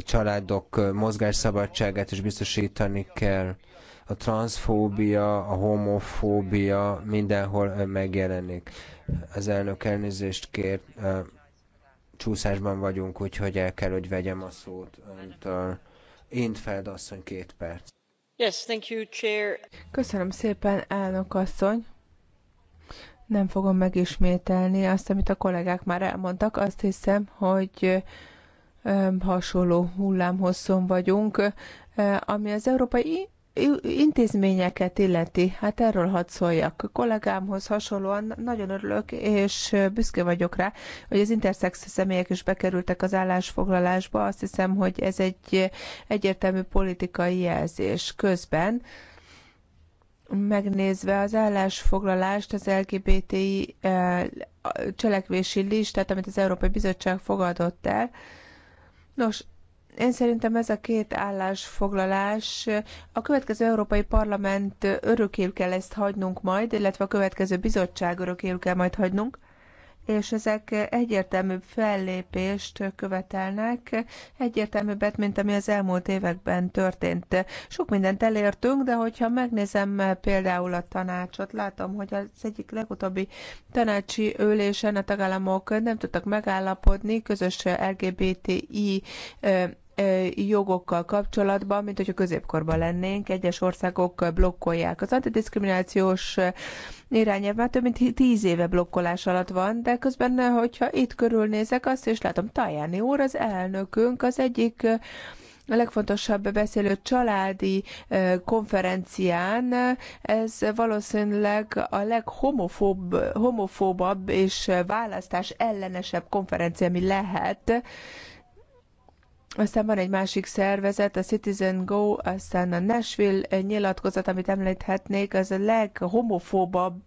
családok mozgásszabadságát is biztosítani kell. A transzfóbia, a homofóbia mindenhol megjelenik. Az elnök elnézést kér, csúszásban vagyunk, úgyhogy el kell, hogy vegyem a szót öntől. Intfeld két perc. Yes, thank you, chair. Köszönöm szépen, elnök asszony. Nem fogom megismételni azt, amit a kollégák már elmondtak. Azt hiszem, hogy hasonló hullámhosszon vagyunk, ami az európai intézményeket illeti, hát erről hadd szóljak. A kollégámhoz hasonlóan nagyon örülök, és büszke vagyok rá, hogy az interszex személyek is bekerültek az állásfoglalásba. Azt hiszem, hogy ez egy egyértelmű politikai jelzés. Közben megnézve az állásfoglalást, az LGBTI cselekvési listát, amit az Európai Bizottság fogadott el, Nos, én szerintem ez a két állásfoglalás a következő Európai Parlament örökél kell ezt hagynunk majd, illetve a következő bizottság örökél kell majd hagynunk és ezek egyértelműbb fellépést követelnek, egyértelműbbet, mint ami az elmúlt években történt. Sok mindent elértünk, de hogyha megnézem például a tanácsot, látom, hogy az egyik legutóbbi tanácsi ülésen a tagállamok nem tudtak megállapodni közös LGBTI jogokkal kapcsolatban, mint hogyha középkorban lennénk. Egyes országok blokkolják. Az antidiskriminációs irányelv már több mint tíz éve blokkolás alatt van, de közben, hogyha itt körülnézek, azt is látom, Tajáni úr, az elnökünk, az egyik a legfontosabb beszélő családi konferencián, ez valószínűleg a leghomofób homofóbabb és választás ellenesebb konferencia, ami lehet aztán van egy másik szervezet, a Citizen Go, aztán a Nashville nyilatkozat, amit említhetnék, az a leghomofóbabb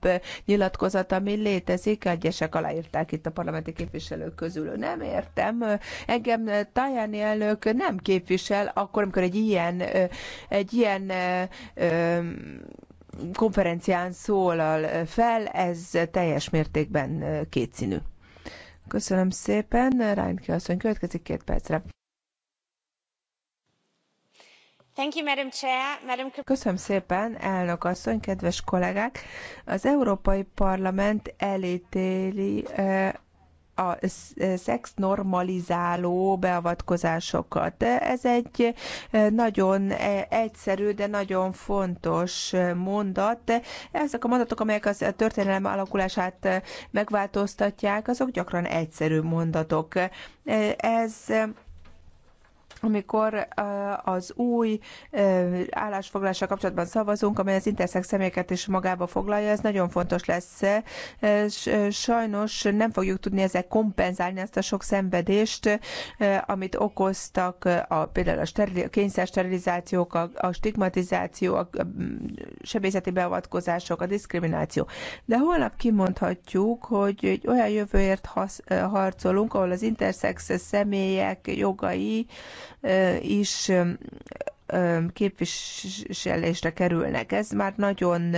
nyilatkozat, ami létezik. Egyesek aláírták itt a parlamenti képviselők közül. Nem értem. Engem Tajani elnök nem képvisel, akkor, amikor egy ilyen, egy ilyen konferencián szólal fel, ez teljes mértékben kétszínű. Köszönöm szépen, Ránki asszony következik két percre. Köszönöm szépen, elnök asszony, kedves kollégák! Az Európai Parlament elítéli eh, a eh, szex normalizáló beavatkozásokat. Ez egy eh, nagyon egyszerű, de nagyon fontos mondat. Ezek a mondatok, amelyek a történelem alakulását megváltoztatják, azok gyakran egyszerű mondatok. Ez amikor eh, az új eh, állásfoglalással kapcsolatban szavazunk, amely az interszex személyeket is magába foglalja, ez nagyon fontos lesz. Eh, sajnos nem fogjuk tudni ezek kompenzálni azt a sok szenvedést, amit okoztak a, például a, steril, a kényszer sterilizációk, a, a stigmatizáció, a mm, sebészeti beavatkozások, a diszkrimináció. De holnap kimondhatjuk, hogy egy olyan jövőért hasz, harcolunk, ahol az interszex személyek jogai is képviselésre kerülnek. Ez már nagyon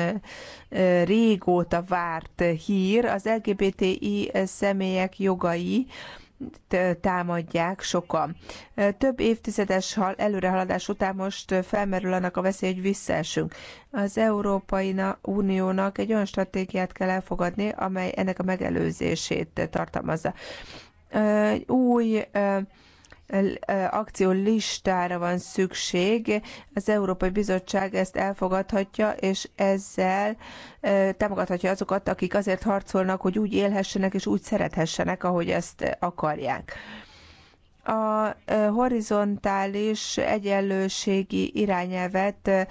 régóta várt hír. Az LGBTI személyek jogai támadják sokan. Több évtizedes előrehaladás után most felmerül annak a veszély, hogy visszaesünk. Az Európai Uniónak egy olyan stratégiát kell elfogadni, amely ennek a megelőzését tartalmazza. Új akció listára van szükség. Az Európai Bizottság ezt elfogadhatja, és ezzel támogathatja azokat, akik azért harcolnak, hogy úgy élhessenek és úgy szerethessenek, ahogy ezt akarják a horizontális egyenlőségi irányelvet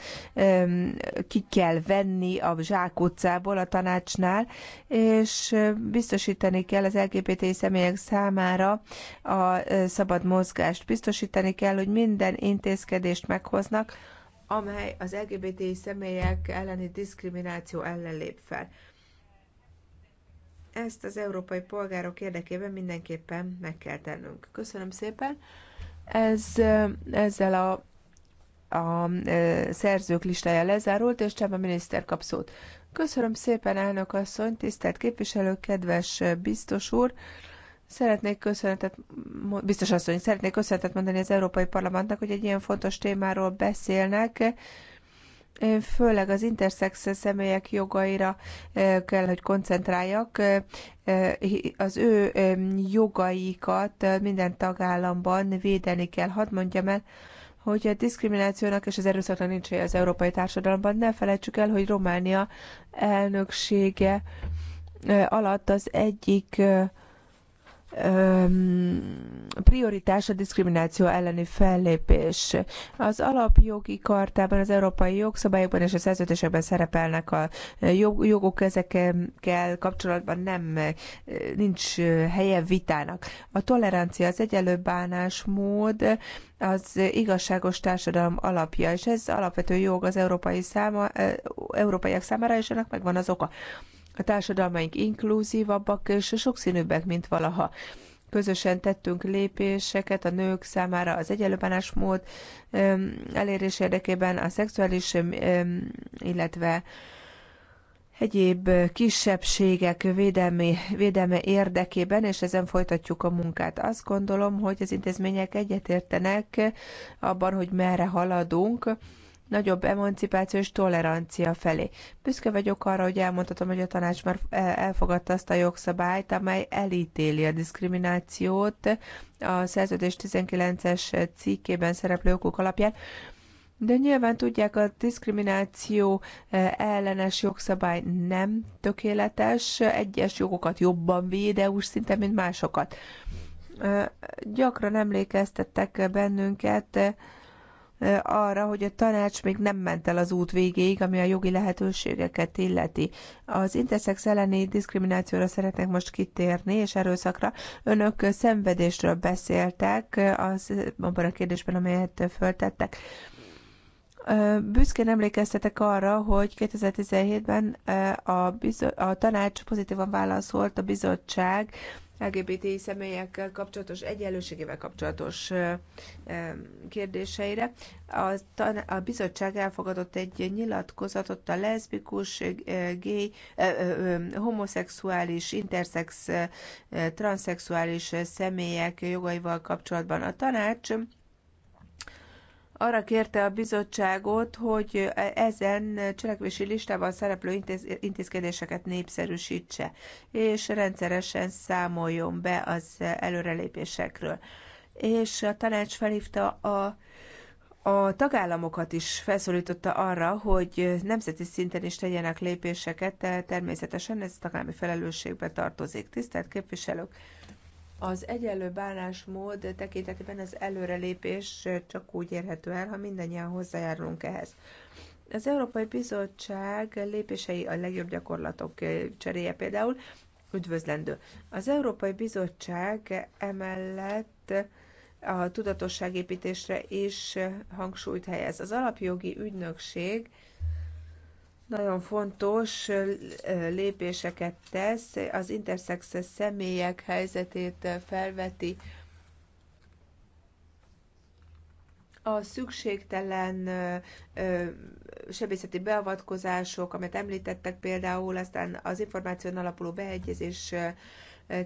ki kell venni a zsákutcából a tanácsnál, és biztosítani kell az LGBT személyek számára a szabad mozgást. Biztosítani kell, hogy minden intézkedést meghoznak, amely az LGBT személyek elleni diszkrimináció ellen lép fel. Ezt az európai polgárok érdekében mindenképpen meg kell tennünk. Köszönöm szépen. Ez, ezzel a, a szerzők listája lezárult, és Csaba miniszter kap szót. Köszönöm szépen, elnök asszony, tisztelt képviselő, kedves biztos úr. Szeretnék köszönetet, biztos asszony, szeretnék köszönetet mondani az Európai Parlamentnek, hogy egy ilyen fontos témáról beszélnek főleg az interszex személyek jogaira kell, hogy koncentráljak. Az ő jogaikat minden tagállamban védeni kell. Hadd mondjam el, hogy a diszkriminációnak és az erőszaknak nincs helye az európai társadalomban. Ne felejtsük el, hogy Románia elnöksége alatt az egyik prioritás a diszkrimináció elleni fellépés. Az alapjogi kartában, az európai jogszabályokban és a szerződésekben szerepelnek a jogok, ezekkel kapcsolatban nem nincs helye vitának. A tolerancia, az egyenlő bánásmód, az igazságos társadalom alapja, és ez alapvető jog az európai száma, európaiak számára, és ennek megvan az oka. A társadalmaink inkluzívabbak és sokszínűbbek, mint valaha. Közösen tettünk lépéseket a nők számára az egyenlő bánásmód elérés érdekében, a szexuális, illetve egyéb kisebbségek védelmi, védelme érdekében, és ezen folytatjuk a munkát. Azt gondolom, hogy az intézmények egyetértenek abban, hogy merre haladunk nagyobb és tolerancia felé. Büszke vagyok arra, hogy elmondhatom, hogy a tanács már e, elfogadta azt a jogszabályt, amely elítéli a diszkriminációt a szerződés 19-es cikkében szereplő okok alapján, de nyilván tudják, a diszkrimináció e, ellenes jogszabály nem tökéletes, egyes jogokat jobban véd EU-s szinten, mint másokat. E, gyakran emlékeztettek bennünket arra, hogy a tanács még nem ment el az út végéig, ami a jogi lehetőségeket illeti. Az interszex elleni diszkriminációra szeretnék most kitérni, és erőszakra. Önök szenvedésről beszéltek az, abban a kérdésben, amelyet föltettek. Büszkén emlékeztetek arra, hogy 2017-ben a, bizo- a tanács pozitívan válaszolt a bizottság LGBT személyekkel kapcsolatos, egyenlőségével kapcsolatos kérdéseire. A, a bizottság elfogadott egy nyilatkozatot a leszbikus, gay, homoszexuális, interszex, transzexuális személyek jogaival kapcsolatban. A tanács arra kérte a bizottságot, hogy ezen cselekvési listában szereplő intézkedéseket népszerűsítse, és rendszeresen számoljon be az előrelépésekről. És a tanács felhívta a a tagállamokat is felszólította arra, hogy nemzeti szinten is tegyenek lépéseket, természetesen ez tagállami felelősségbe tartozik. Tisztelt képviselők! Az egyenlő bánásmód tekintetében az előrelépés csak úgy érhető el, ha mindannyian hozzájárulunk ehhez. Az Európai Bizottság lépései a legjobb gyakorlatok cseréje például üdvözlendő. Az Európai Bizottság emellett a tudatosságépítésre is hangsúlyt helyez. Az alapjogi ügynökség nagyon fontos lépéseket tesz, az intersex személyek helyzetét felveti, a szükségtelen sebészeti beavatkozások, amit említettek például, aztán az információn alapuló beegyezés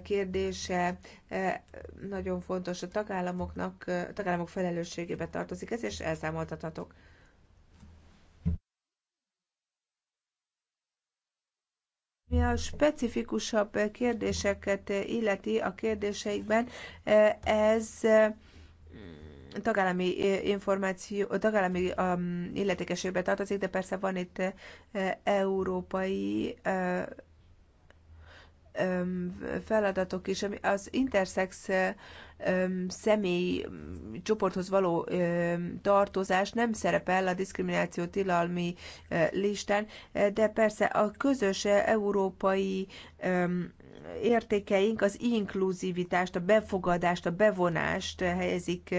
kérdése nagyon fontos a tagállamoknak, a tagállamok felelősségébe tartozik, ez és elszámoltathatók. Ami a specifikusabb kérdéseket illeti a kérdéseikben, ez tagállami információ, tagállami um, illetékességbe tartozik, de persze van itt európai feladatok is, ami az intersex személy csoporthoz való tartozás nem szerepel a diszkrimináció tilalmi listán, de persze a közös európai értékeink az inkluzivitást, a befogadást, a bevonást helyezik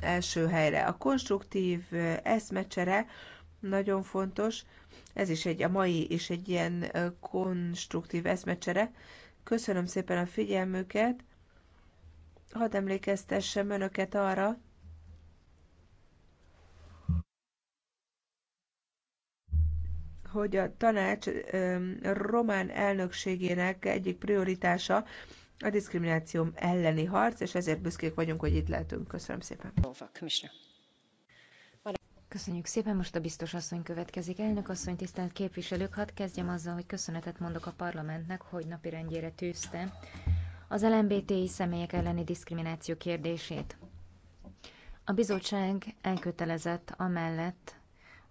első helyre. A konstruktív eszmecsere nagyon fontos, ez is egy, a mai és egy ilyen konstruktív eszmecsere. Köszönöm szépen a figyelmüket. Hadd emlékeztessem önöket arra, hogy a tanács román elnökségének egyik prioritása a diszkrimináció elleni harc, és ezért büszkék vagyunk, hogy itt lehetünk. Köszönöm szépen. Köszönjük szépen, most a biztos asszony következik. Elnök asszony, tisztelt képviselők, hadd kezdjem azzal, hogy köszönetet mondok a parlamentnek, hogy napirendjére tűzte az LMBTI személyek elleni diszkrimináció kérdését. A bizottság elkötelezett amellett,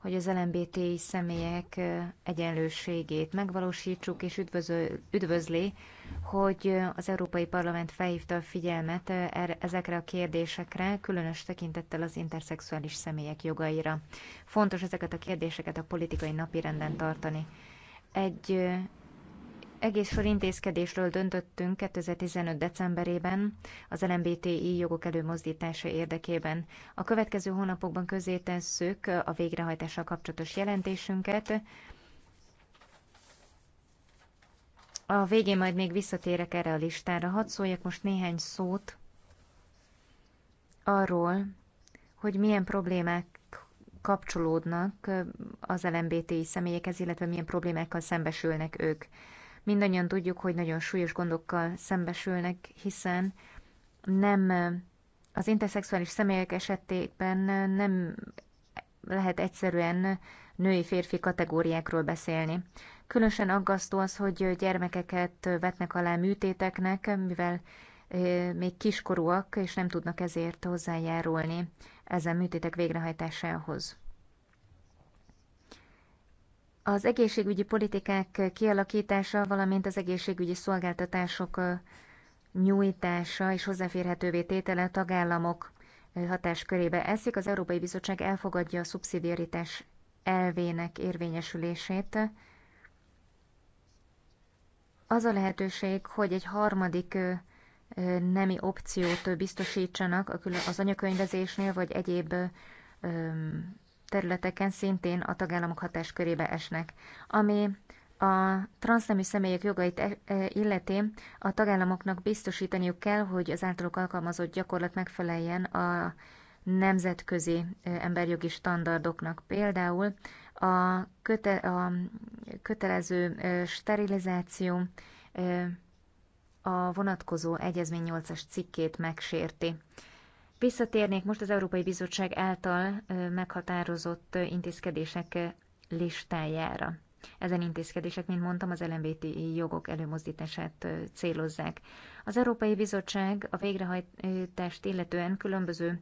hogy az LMBTI személyek egyenlőségét megvalósítsuk, és üdvözli, hogy az Európai Parlament felhívta a figyelmet er-, ezekre a kérdésekre, különös tekintettel az interszexuális személyek jogaira. Fontos ezeket a kérdéseket a politikai napirenden tartani. Egy egész sor intézkedésről döntöttünk 2015. decemberében az LMBTI jogok előmozdítása érdekében. A következő hónapokban közé tesszük a végrehajtással kapcsolatos jelentésünket. A végén majd még visszatérek erre a listára. Hadd szóljak most néhány szót arról, hogy milyen problémák kapcsolódnak az LMBTI személyekhez, illetve milyen problémákkal szembesülnek ők. Mindannyian tudjuk, hogy nagyon súlyos gondokkal szembesülnek, hiszen nem az interszexuális személyek esetében nem lehet egyszerűen női-férfi kategóriákról beszélni. Különösen aggasztó az, hogy gyermekeket vetnek alá műtéteknek, mivel még kiskorúak, és nem tudnak ezért hozzájárulni ezen műtétek végrehajtásához. Az egészségügyi politikák kialakítása, valamint az egészségügyi szolgáltatások nyújtása és hozzáférhetővé tétele a tagállamok hatáskörébe eszik. Az Európai Bizottság elfogadja a szubszidiaritás elvének érvényesülését. Az a lehetőség, hogy egy harmadik nemi opciót biztosítsanak az anyakönyvezésnél, vagy egyéb területeken szintén a tagállamok hatáskörébe esnek. Ami a transznemű személyek jogait e- e- illeti, a tagállamoknak biztosítaniuk kell, hogy az általuk alkalmazott gyakorlat megfeleljen a nemzetközi e, emberjogi standardoknak. Például a, köte, a kötelező sterilizáció a vonatkozó egyezmény 8-as cikkét megsérti. Visszatérnék most az Európai Bizottság által meghatározott intézkedések listájára. Ezen intézkedések, mint mondtam, az LMBT jogok előmozdítását célozzák. Az Európai Bizottság a végrehajtást illetően különböző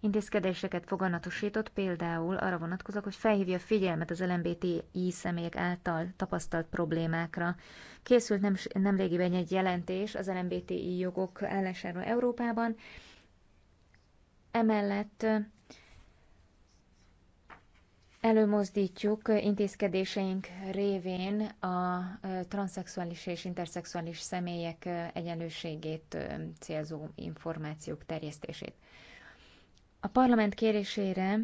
intézkedéseket foganatosított, például arra vonatkozok, hogy felhívja a figyelmet az LMBTI személyek által tapasztalt problémákra. Készült nem, nemrégiben egy jelentés az LMBTI jogok állásáról Európában, Emellett előmozdítjuk intézkedéseink révén a transzexuális és interszexuális személyek egyenlőségét célzó információk terjesztését. A parlament kérésére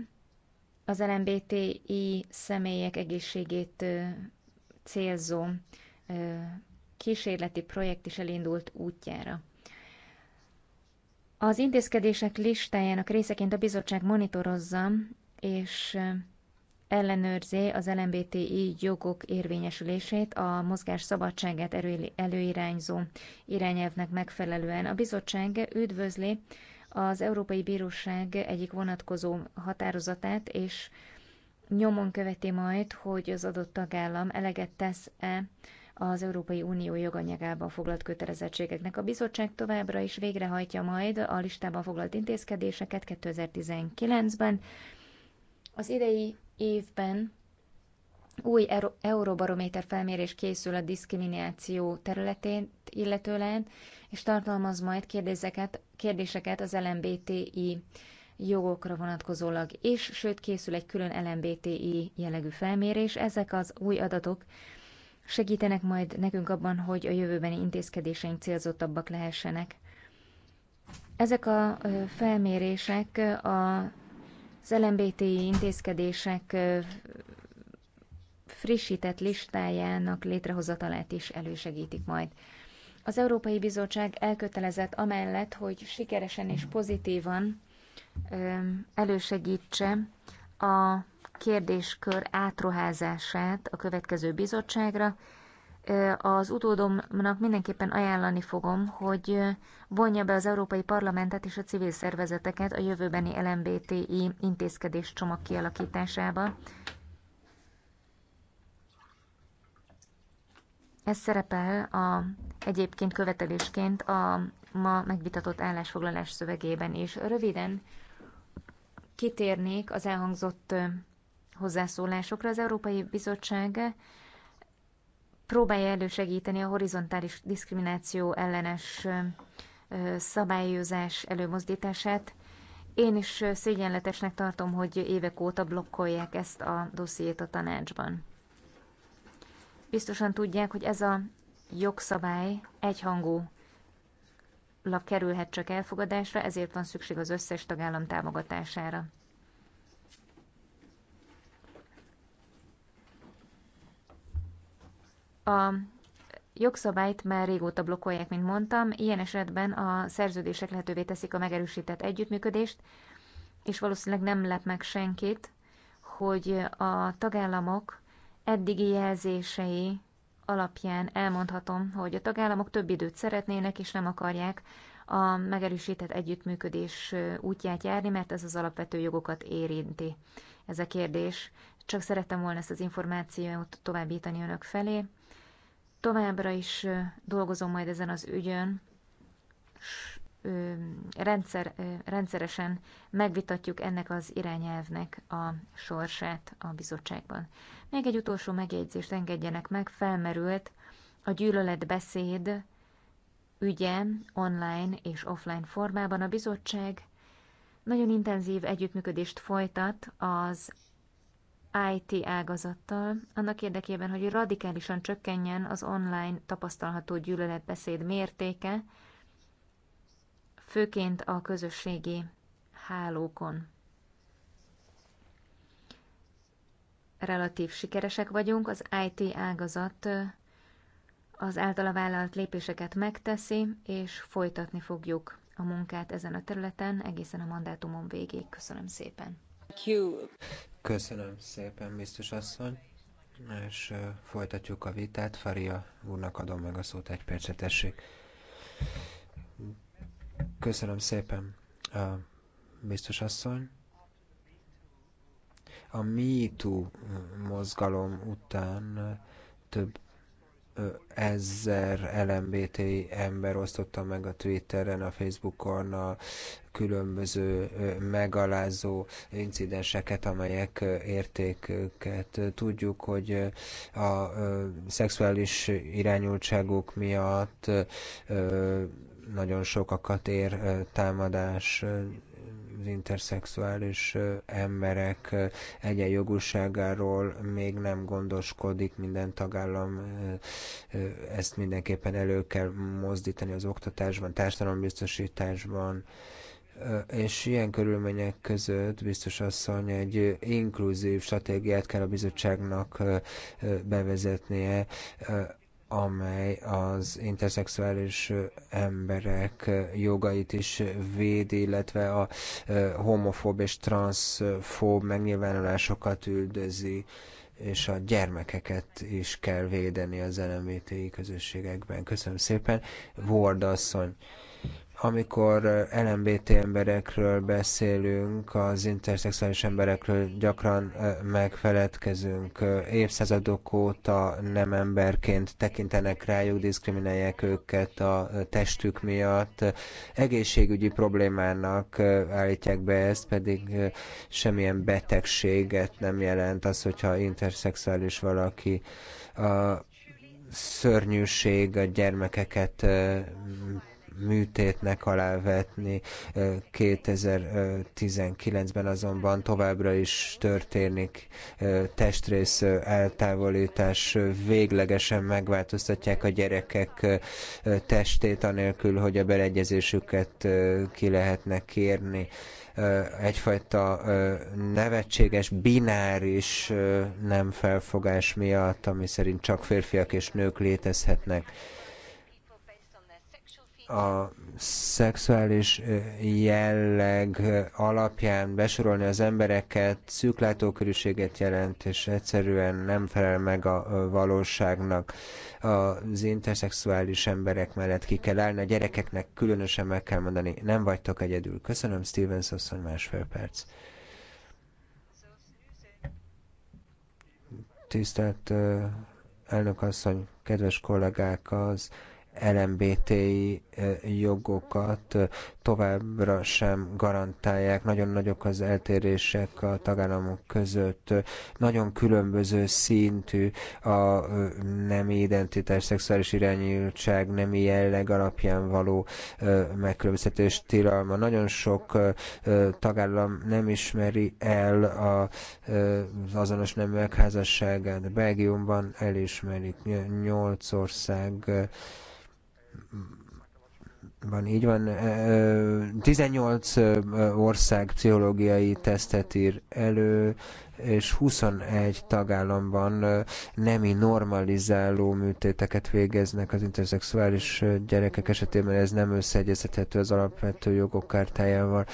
az LMBTI személyek egészségét célzó kísérleti projekt is elindult útjára. Az intézkedések listájának részeként a bizottság monitorozza és ellenőrzi az LMBTI jogok érvényesülését a mozgás szabadságát előirányzó irányelvnek megfelelően. A bizottság üdvözli az Európai Bíróság egyik vonatkozó határozatát, és nyomon követi majd, hogy az adott tagállam eleget tesz-e az Európai Unió joganyagában foglalt kötelezettségeknek. A bizottság továbbra is végrehajtja majd a listában foglalt intézkedéseket 2019-ben. Az idei évben új Euróbarométer felmérés készül a diszkrimináció területén illetően, és tartalmaz majd kérdéseket, kérdéseket az LMBTI jogokra vonatkozólag, és sőt készül egy külön LMBTI jellegű felmérés. Ezek az új adatok segítenek majd nekünk abban, hogy a jövőbeni intézkedéseink célzottabbak lehessenek. Ezek a felmérések az LMBTI intézkedések frissített listájának létrehozatalát is elősegítik majd. Az Európai Bizottság elkötelezett amellett, hogy sikeresen és pozitívan elősegítse a kérdéskör átruházását a következő bizottságra. Az utódomnak mindenképpen ajánlani fogom, hogy vonja be az Európai Parlamentet és a civil szervezeteket a jövőbeni LMBTI intézkedés csomag kialakításába. Ez szerepel a, egyébként követelésként a ma megvitatott állásfoglalás szövegében is. Röviden kitérnék az elhangzott hozzászólásokra. Az Európai Bizottság próbálja elősegíteni a horizontális diszkrimináció ellenes szabályozás előmozdítását. Én is szégyenletesnek tartom, hogy évek óta blokkolják ezt a dossziét a tanácsban. Biztosan tudják, hogy ez a jogszabály egyhangú kerülhet csak elfogadásra, ezért van szükség az összes tagállam támogatására. A jogszabályt már régóta blokkolják, mint mondtam, ilyen esetben a szerződések lehetővé teszik a megerősített együttműködést, és valószínűleg nem lep meg senkit, hogy a tagállamok eddigi jelzései alapján elmondhatom, hogy a tagállamok több időt szeretnének, és nem akarják a megerősített együttműködés útját járni, mert ez az alapvető jogokat érinti. Ez a kérdés. Csak szerettem volna ezt az információt továbbítani önök felé. Továbbra is dolgozom majd ezen az ügyön, s rendszer, rendszeresen megvitatjuk ennek az irányelvnek a sorsát a bizottságban. Még egy utolsó megjegyzést engedjenek meg, felmerült a gyűlöletbeszéd ügye online és offline formában. A bizottság nagyon intenzív együttműködést folytat az IT ágazattal, annak érdekében, hogy radikálisan csökkenjen az online tapasztalható gyűlöletbeszéd mértéke, főként a közösségi hálókon. Relatív sikeresek vagyunk, az IT ágazat az általa vállalt lépéseket megteszi, és folytatni fogjuk a munkát ezen a területen egészen a mandátumon végéig. Köszönöm szépen! Köszönöm szépen, biztos asszony. És uh, folytatjuk a vitát. Faria úrnak adom meg a szót egy percet, tessék. Köszönöm szépen, uh, biztos asszony. A MeToo mozgalom után több ezer LMBT ember osztotta meg a Twitteren, a Facebookon, a különböző megalázó incidenseket, amelyek érték őket. Tudjuk, hogy a szexuális irányultságuk miatt nagyon sokakat ér támadás az interszexuális emberek egyenjogúságáról még nem gondoskodik minden tagállam. Ezt mindenképpen elő kell mozdítani az oktatásban, társadalombiztosításban. biztosításban és ilyen körülmények között biztos asszony egy inkluzív stratégiát kell a bizottságnak bevezetnie, amely az interszexuális emberek jogait is védi, illetve a homofób és transzfób megnyilvánulásokat üldözi és a gyermekeket is kell védeni az LMBTI közösségekben. Köszönöm szépen. Ward asszony amikor LMBT emberekről beszélünk, az interszexuális emberekről gyakran megfeledkezünk. Évszázadok óta nem emberként tekintenek rájuk, diszkriminálják őket a testük miatt. Egészségügyi problémának állítják be ezt, pedig semmilyen betegséget nem jelent az, hogyha interszexuális valaki a szörnyűség a gyermekeket műtétnek alávetni. 2019-ben azonban továbbra is történik testrész eltávolítás, véglegesen megváltoztatják a gyerekek testét, anélkül, hogy a beleegyezésüket ki lehetne kérni egyfajta nevetséges, bináris nem felfogás miatt, ami szerint csak férfiak és nők létezhetnek a szexuális jelleg alapján besorolni az embereket szűklátókörűséget jelent, és egyszerűen nem felel meg a valóságnak. Az interszexuális emberek mellett ki kell állni, a gyerekeknek különösen meg kell mondani, nem vagytok egyedül. Köszönöm, Stevens asszony, másfél perc. Tisztelt elnök asszony, kedves kollégák, az LMBTI jogokat továbbra sem garantálják. Nagyon nagyok az eltérések a tagállamok között. Nagyon különböző szintű a nem identitás, szexuális irányultság, nemi jelleg alapján való megkülönböztetés tilalma. Nagyon sok tagállam nem ismeri el az azonos neműek házasságát. Belgiumban elismerik nyolc ország van, így van. 18 ország pszichológiai tesztet ír elő, és 21 tagállamban nemi normalizáló műtéteket végeznek az interszexuális gyerekek esetében, ez nem összeegyeztethető az alapvető jogok kártájával.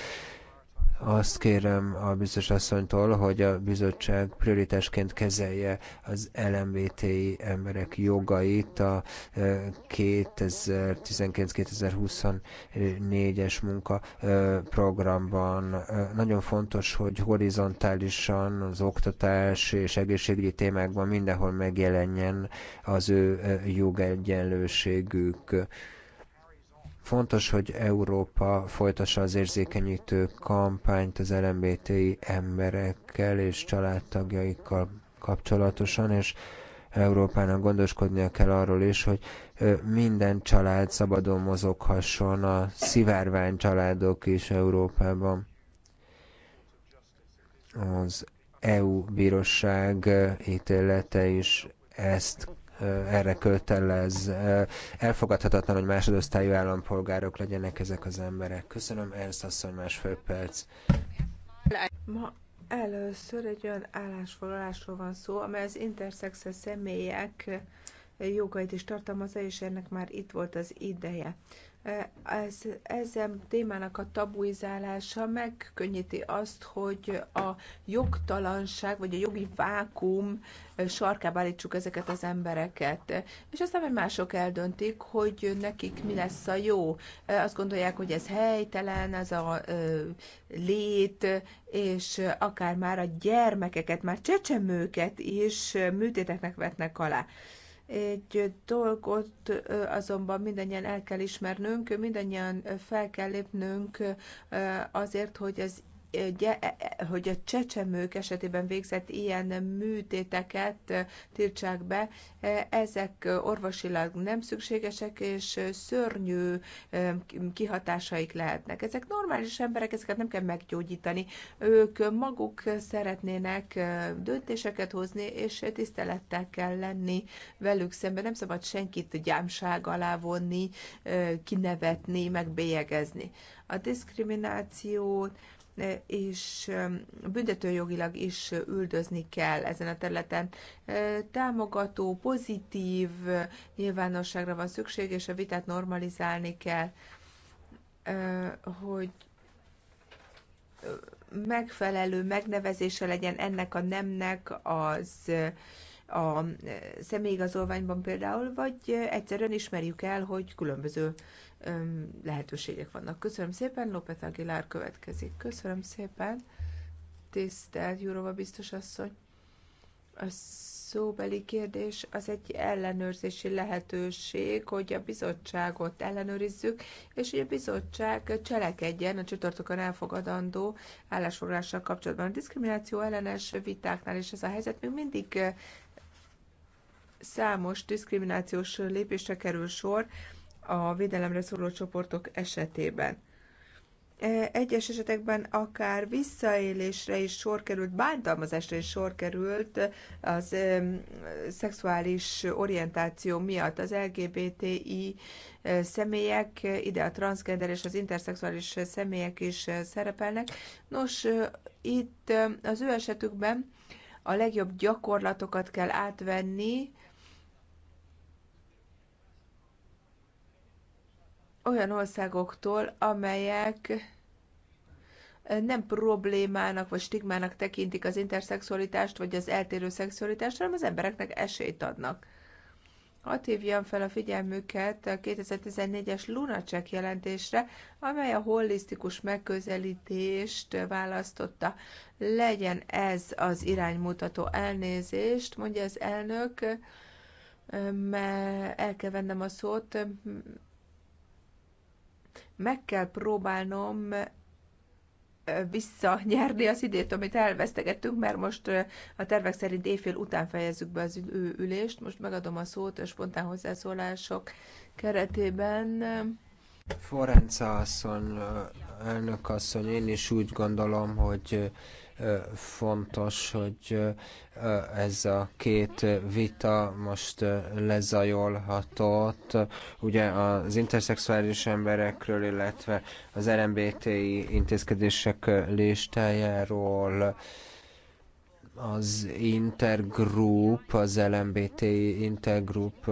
Azt kérem a biztos asszonytól, hogy a bizottság prioritásként kezelje az LMBTI emberek jogait a 2019-2024-es munkaprogramban. Nagyon fontos, hogy horizontálisan az oktatás és egészségügyi témákban mindenhol megjelenjen az ő jogegyenlőségük Fontos, hogy Európa folytassa az érzékenyítő kampányt az LMBTI emberekkel és családtagjaikkal kapcsolatosan, és Európának gondoskodnia kell arról is, hogy minden család szabadon mozoghasson, a szivárvány családok is Európában. Az EU bíróság ítélete is ezt erre kötelez. Elfogadhatatlan, hogy másodosztályú állampolgárok legyenek ezek az emberek. Köszönöm, Ernst asszony, másfél perc. Ma először egy olyan állásfoglalásról van szó, amely az intersex személyek jogait is tartalmazza, és ennek már itt volt az ideje ez, ezen témának a tabuizálása megkönnyíti azt, hogy a jogtalanság vagy a jogi vákum sarkába állítsuk ezeket az embereket. És aztán hogy mások eldöntik, hogy nekik mi lesz a jó. Azt gondolják, hogy ez helytelen, ez a ö, lét, és akár már a gyermekeket, már csecsemőket is műtéteknek vetnek alá. Egy dolgot azonban mindannyian el kell ismernünk, mindannyian fel kell lépnünk azért, hogy az E, e, hogy a csecsemők esetében végzett ilyen műtéteket e, tiltsák be. Ezek orvosilag nem szükségesek, és szörnyű kihatásaik lehetnek. Ezek normális emberek, ezeket nem kell meggyógyítani. Ők maguk szeretnének döntéseket hozni, és tisztelettel kell lenni velük szemben. Nem szabad senkit gyámság alá vonni, kinevetni, megbélyegezni. A diszkriminációt, és büntetőjogilag is üldözni kell ezen a területen. Támogató, pozitív nyilvánosságra van szükség, és a vitát normalizálni kell, hogy megfelelő megnevezése legyen ennek a nemnek az a személyigazolványban például, vagy egyszerűen ismerjük el, hogy különböző lehetőségek vannak. Köszönöm szépen, López Aguilar következik. Köszönöm szépen, tisztelt Jurova biztos asszony. A szóbeli kérdés az egy ellenőrzési lehetőség, hogy a bizottságot ellenőrizzük, és hogy a bizottság cselekedjen a csütörtökön elfogadandó állásfoglalással kapcsolatban. A diszkrimináció ellenes vitáknál is ez a helyzet még mindig számos diszkriminációs lépésre kerül sor, a védelemre szóló csoportok esetében. E, egyes esetekben akár visszaélésre is sor került, bántalmazásra is sor került az e, szexuális orientáció miatt. Az LGBTI e, személyek, ide a transzgender és az interszexuális személyek is szerepelnek. Nos, itt az ő esetükben a legjobb gyakorlatokat kell átvenni, olyan országoktól, amelyek nem problémának vagy stigmának tekintik az interszexualitást vagy az eltérő szexualitást, hanem az embereknek esélyt adnak. Hadd hívjam fel a figyelmüket a 2014-es Lunacek jelentésre, amely a holisztikus megközelítést választotta. Legyen ez az iránymutató elnézést, mondja az elnök, el kell vennem a szót, meg kell próbálnom visszanyerni az időt, amit elvesztegettünk, mert most a tervek szerint éjfél után fejezzük be az ülést. Most megadom a szót a spontán hozzászólások keretében. Forenca asszony, elnök asszony, én is úgy gondolom, hogy fontos, hogy ez a két vita most lezajolhatott. Ugye az interszexuális emberekről, illetve az RMBTI intézkedések listájáról az Intergroup, az LMBT Intergroup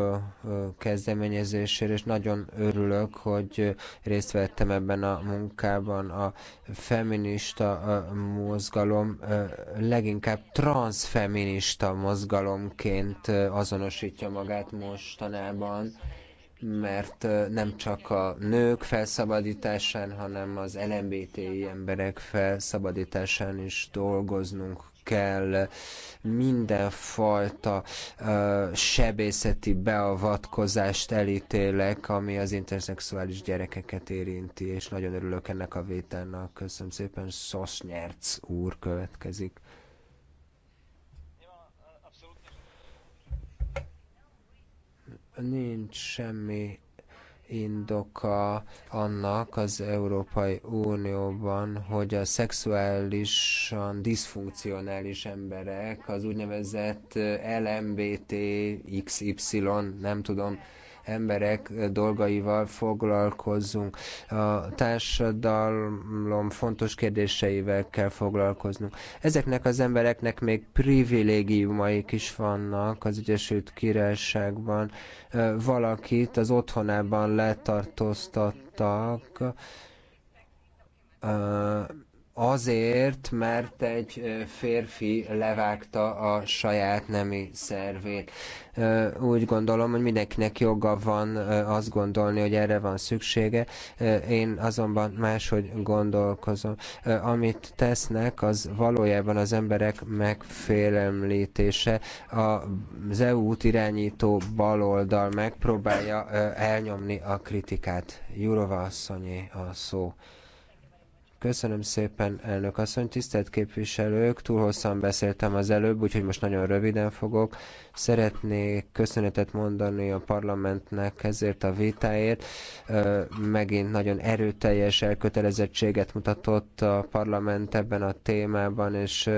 kezdeményezésére, és nagyon örülök, hogy részt vettem ebben a munkában. A feminista mozgalom leginkább transfeminista mozgalomként azonosítja magát mostanában mert nem csak a nők felszabadításán, hanem az LMBTI emberek felszabadításán is dolgoznunk kell mindenfajta uh, sebészeti beavatkozást elítélek, ami az interszexuális gyerekeket érinti, és nagyon örülök ennek a vételnek. Köszönöm szépen, Szosznyerc úr következik. Nincs semmi indoka annak az Európai Unióban, hogy a szexuálisan diszfunkcionális emberek, az úgynevezett LMBT nem tudom, emberek dolgaival foglalkozzunk. A társadalom fontos kérdéseivel kell foglalkoznunk. Ezeknek az embereknek még privilégiumaik is vannak az Egyesült Királyságban. Valakit az otthonában letartóztattak, azért, mert egy férfi levágta a saját nemi szervét. Úgy gondolom, hogy mindenkinek joga van azt gondolni, hogy erre van szüksége. Én azonban máshogy gondolkozom. Amit tesznek, az valójában az emberek megfélemlítése. Az eu irányító baloldal megpróbálja elnyomni a kritikát. Jurova asszonyi a szó. Köszönöm szépen, elnök asszony, tisztelt képviselők, túl hosszan beszéltem az előbb, úgyhogy most nagyon röviden fogok. Szeretnék köszönetet mondani a parlamentnek ezért a vitáért. Megint nagyon erőteljes elkötelezettséget mutatott a parlament ebben a témában, és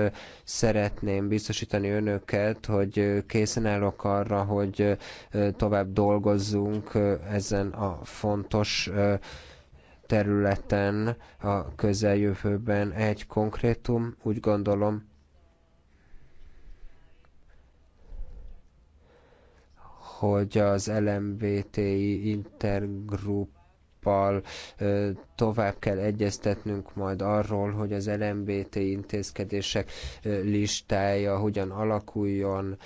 szeretném biztosítani önöket, hogy készen állok arra, hogy tovább dolgozzunk ezen a fontos területen a közeljövőben egy konkrétum, úgy gondolom, hogy az LMBTI intergroup Európával tovább kell egyeztetnünk majd arról, hogy az LMBT intézkedések listája hogyan alakuljon,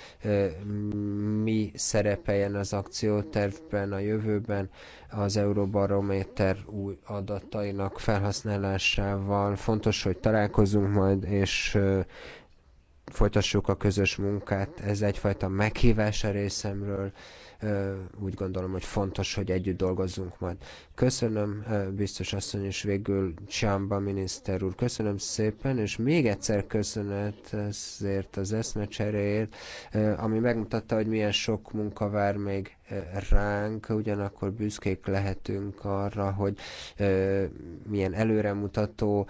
mi szerepeljen az akciótervben a jövőben az Euróbarométer új adatainak felhasználásával. Fontos, hogy találkozunk majd, és folytassuk a közös munkát. Ez egyfajta meghívás a részemről úgy gondolom, hogy fontos, hogy együtt dolgozzunk majd. Köszönöm, biztos asszony, és végül Csámba miniszter úr. Köszönöm szépen, és még egyszer köszönet ezért az eszmecseréért, ami megmutatta, hogy milyen sok munka vár még ránk, ugyanakkor büszkék lehetünk arra, hogy milyen előremutató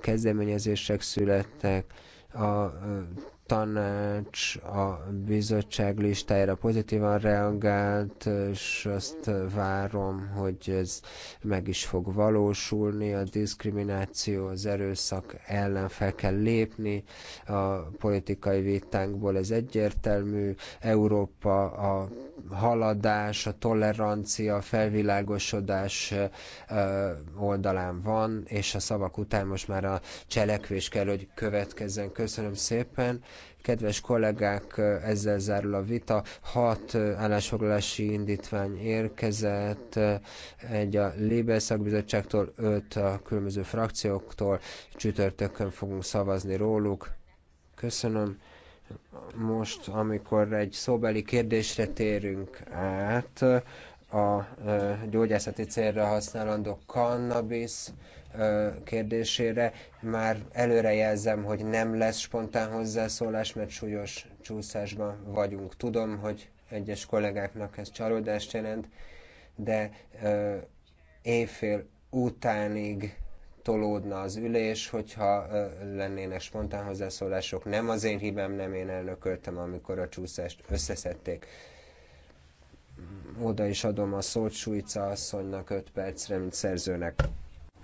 kezdeményezések születtek, a tanács a bizottság listájára pozitívan reagált, és azt várom, hogy ez meg is fog valósulni, a diszkrimináció, az erőszak ellen fel kell lépni, a politikai vitánkból ez egyértelmű, Európa a haladás, a tolerancia, a felvilágosodás oldalán van, és a szavak után most már a cselekvés kell, hogy következzen. Köszönöm szépen! Kedves kollégák, ezzel zárul a vita. Hat állásfoglalási indítvány érkezett, egy a Lébe szakbizottságtól, öt a különböző frakcióktól. Csütörtökön fogunk szavazni róluk. Köszönöm most, amikor egy szóbeli kérdésre térünk át, a gyógyászati célra használandó cannabis kérdésére. Már előrejelzem, hogy nem lesz spontán hozzászólás, mert súlyos csúszásban vagyunk. Tudom, hogy egyes kollégáknak ez csalódást jelent, de éjfél utánig tolódna az ülés, hogyha lennének spontán hozzászólások. Nem az én hibám, nem én elnököltem, amikor a csúszást összeszedték oda is adom a szót Sújca asszonynak 5 percre, mint szerzőnek.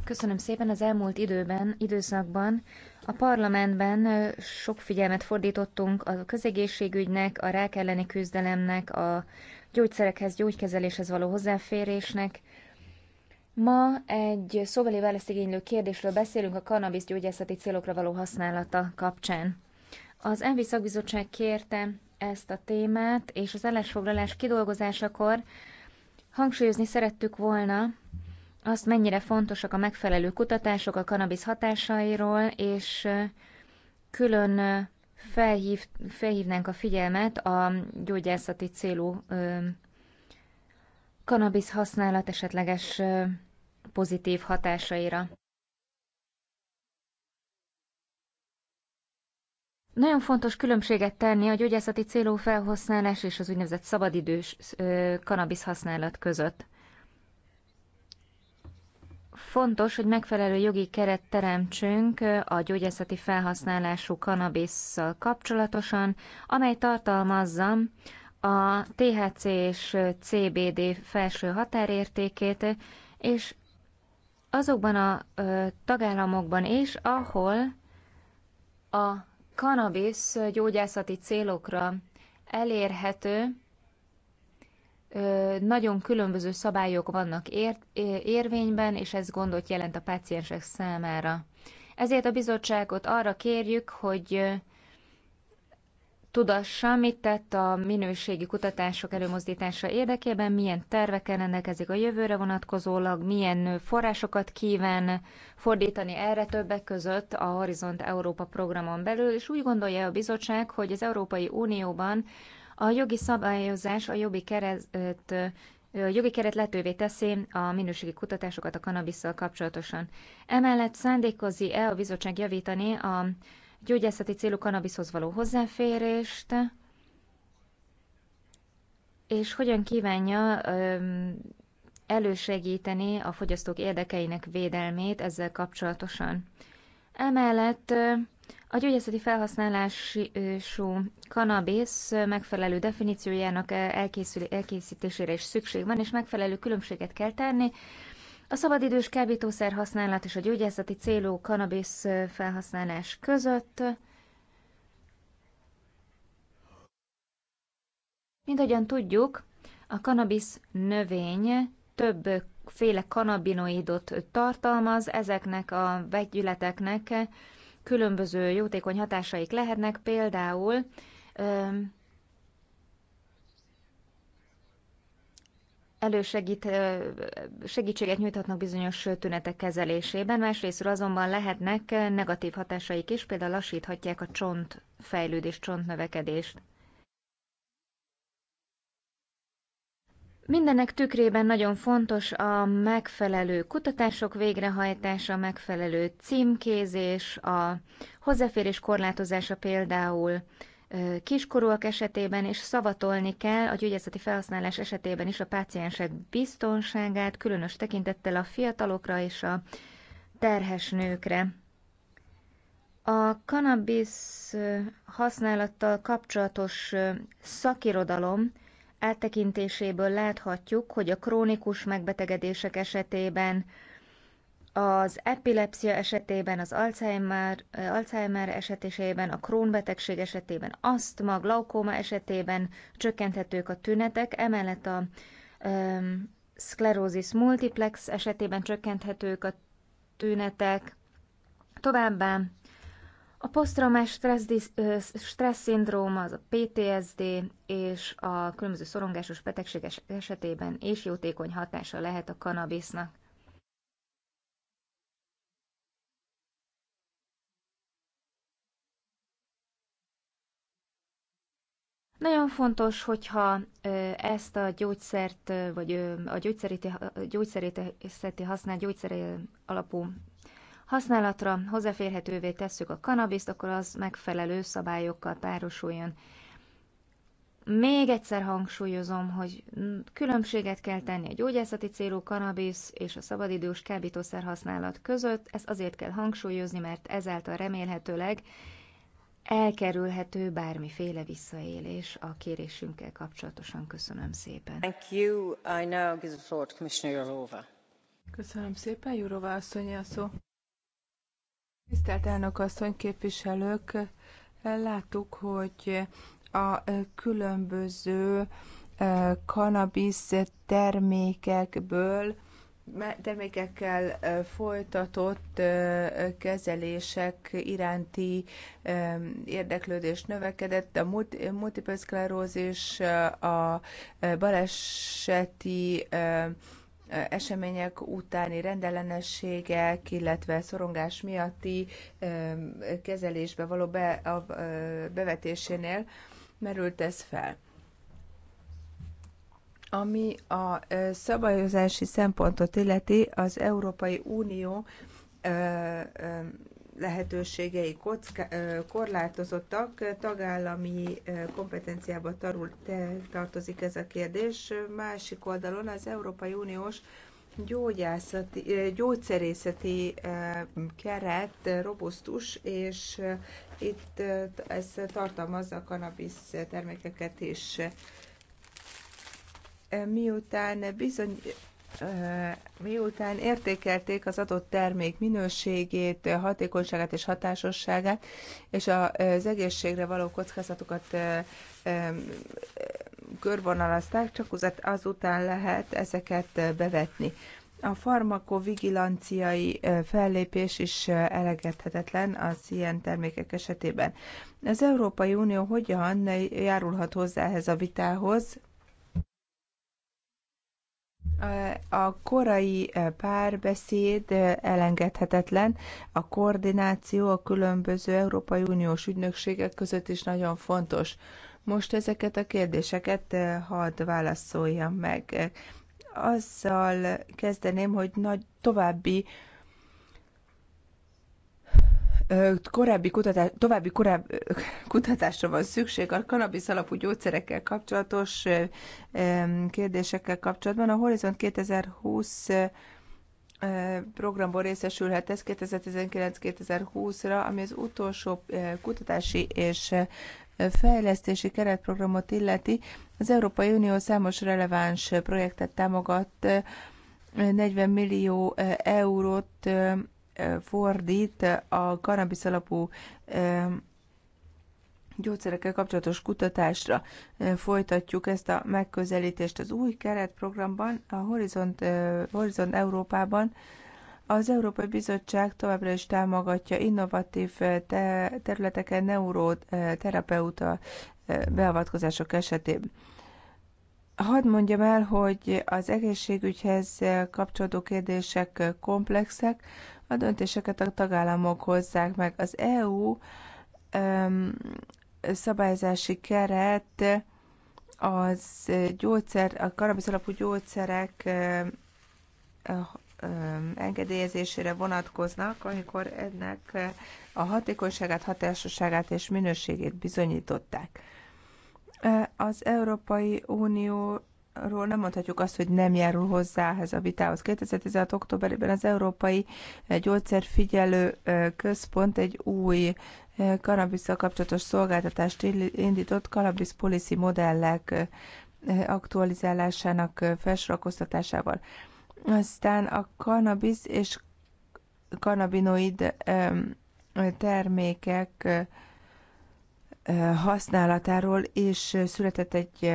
Köszönöm szépen az elmúlt időben, időszakban. A parlamentben sok figyelmet fordítottunk a közegészségügynek, a rák elleni küzdelemnek, a gyógyszerekhez, gyógykezeléshez való hozzáférésnek. Ma egy szóbeli választigénylő kérdésről beszélünk a kannabisz gyógyászati célokra való használata kapcsán. Az ENVI szakbizottság kérte, ezt a témát, és az állásfoglalás kidolgozásakor hangsúlyozni szerettük volna azt, mennyire fontosak a megfelelő kutatások a kanabisz hatásairól, és külön felhív, felhívnánk a figyelmet a gyógyászati célú kanabisz használat esetleges pozitív hatásaira. Nagyon fontos különbséget tenni a gyógyászati célú felhasználás és az úgynevezett szabadidős kanabisz használat között. Fontos, hogy megfelelő jogi keret teremtsünk a gyógyászati felhasználású kanabisszal kapcsolatosan, amely tartalmazza a THC és CBD felső határértékét, és azokban a tagállamokban is, ahol a kanabisz gyógyászati célokra elérhető, nagyon különböző szabályok vannak ér, érvényben, és ez gondot jelent a páciensek számára. Ezért a bizottságot arra kérjük, hogy tudassa, mit tett a minőségi kutatások előmozdítása érdekében, milyen tervekkel rendelkezik a jövőre vonatkozólag, milyen forrásokat kíván fordítani erre többek között a Horizont Európa programon belül, és úgy gondolja a bizottság, hogy az Európai Unióban a jogi szabályozás a jogi keret jogi keret lehetővé teszi a minőségi kutatásokat a kanabisszal kapcsolatosan. Emellett szándékozi-e a bizottság javítani a gyógyászati célú kanabiszhoz való hozzáférést, és hogyan kívánja elősegíteni a fogyasztók érdekeinek védelmét ezzel kapcsolatosan. Emellett a gyógyászati felhasználású kanabisz megfelelő definíciójának elkészítésére is szükség van, és megfelelő különbséget kell tenni a szabadidős kábítószer használat és a gyógyászati célú kanabisz felhasználás között, Mint ahogyan tudjuk, a kanabisz növény több féle kanabinoidot tartalmaz, ezeknek a vegyületeknek különböző jótékony hatásaik lehetnek, például elősegít, segítséget nyújthatnak bizonyos tünetek kezelésében, másrészt azonban lehetnek negatív hatásaik is, például lassíthatják a csont csontnövekedést. Mindenek tükrében nagyon fontos a megfelelő kutatások végrehajtása, a megfelelő címkézés, a hozzáférés korlátozása például kiskorúak esetében és szavatolni kell a gyógyászati felhasználás esetében is a páciensek biztonságát, különös tekintettel a fiatalokra és a terhes nőkre. A kanabis használattal kapcsolatos szakirodalom áttekintéséből láthatjuk, hogy a krónikus megbetegedések esetében az epilepsia esetében, az Alzheimer, eh, Alzheimer esetében, a Crohn-betegség esetében, asztma, glaukóma esetében csökkenthetők a tünetek, emellett a um, szklerózis multiplex esetében csökkenthetők a tünetek, továbbá a posztraumás stressz, eh, szindróma, az a PTSD és a különböző szorongásos betegségek esetében és jótékony hatása lehet a kanabisznak. Nagyon fontos, hogyha ezt a gyógyszert, vagy a gyógyszerészeti használ, gyógyszer alapú használatra hozzáférhetővé tesszük a kanabiszt, akkor az megfelelő szabályokkal párosuljon. Még egyszer hangsúlyozom, hogy különbséget kell tenni a gyógyászati célú kanabisz és a szabadidős kábítószer használat között. Ezt azért kell hangsúlyozni, mert ezáltal remélhetőleg elkerülhető bármiféle visszaélés a kérésünkkel kapcsolatosan. Köszönöm szépen. Thank you. I now give the floor to Commissioner Jourova. Köszönöm szépen, Jurova asszony a szó. Tisztelt elnök asszony, képviselők, láttuk, hogy a különböző kanabisz eh, termékekből termékekkel folytatott kezelések iránti érdeklődés növekedett, a multiple a baleseti események utáni rendellenességek, illetve szorongás miatti kezelésbe való be, a, bevetésénél merült ez fel. Ami a szabályozási szempontot illeti, az Európai Unió lehetőségei korlátozottak, tagállami kompetenciába tartozik ez a kérdés. Másik oldalon az Európai Uniós gyógyászati, gyógyszerészeti keret robusztus, és itt ez tartalmazza a kanabisz termékeket is miután bizony miután értékelték az adott termék minőségét, hatékonyságát és hatásosságát, és az egészségre való kockázatokat körvonalazták, csak azután lehet ezeket bevetni. A farmakovigilanciai fellépés is elegedhetetlen az ilyen termékek esetében. Az Európai Unió hogyan járulhat hozzá ehhez a vitához, a korai eh, párbeszéd eh, elengedhetetlen, a koordináció a különböző Európai Uniós ügynökségek között is nagyon fontos. Most ezeket a kérdéseket eh, hadd válaszoljam meg. Azzal kezdeném, hogy nagy további korábbi kutatás, további korábbi kutatásra van szükség a kanabis alapú gyógyszerekkel kapcsolatos kérdésekkel kapcsolatban. A Horizont 2020 programból részesülhet ez 2019-2020-ra, ami az utolsó kutatási és fejlesztési keretprogramot illeti. Az Európai Unió számos releváns projektet támogat, 40 millió eurót fordít a kannabisz alapú gyógyszerekkel kapcsolatos kutatásra folytatjuk ezt a megközelítést az új keretprogramban, a Horizont, Horizont Európában. Az Európai Bizottság továbbra is támogatja innovatív te- területeken neuroterapeuta beavatkozások esetében. Hadd mondjam el, hogy az egészségügyhez kapcsolódó kérdések komplexek, a döntéseket a tagállamok hozzák meg. Az EU öm, szabályzási keret az gyógyszer, a kanabisz alapú gyógyszerek engedélyezésére vonatkoznak, amikor ennek a hatékonyságát, hatásosságát és minőségét bizonyították. Az Európai Unió ról nem mondhatjuk azt, hogy nem járul hozzá ehhez a vitához. 2016. októberében az Európai Gyógyszerfigyelő Központ egy új kannabisszal kapcsolatos szolgáltatást indított kanabisz Policy modellek aktualizálásának felsorakoztatásával. Aztán a kanabisz és kanabinoid termékek használatáról is született egy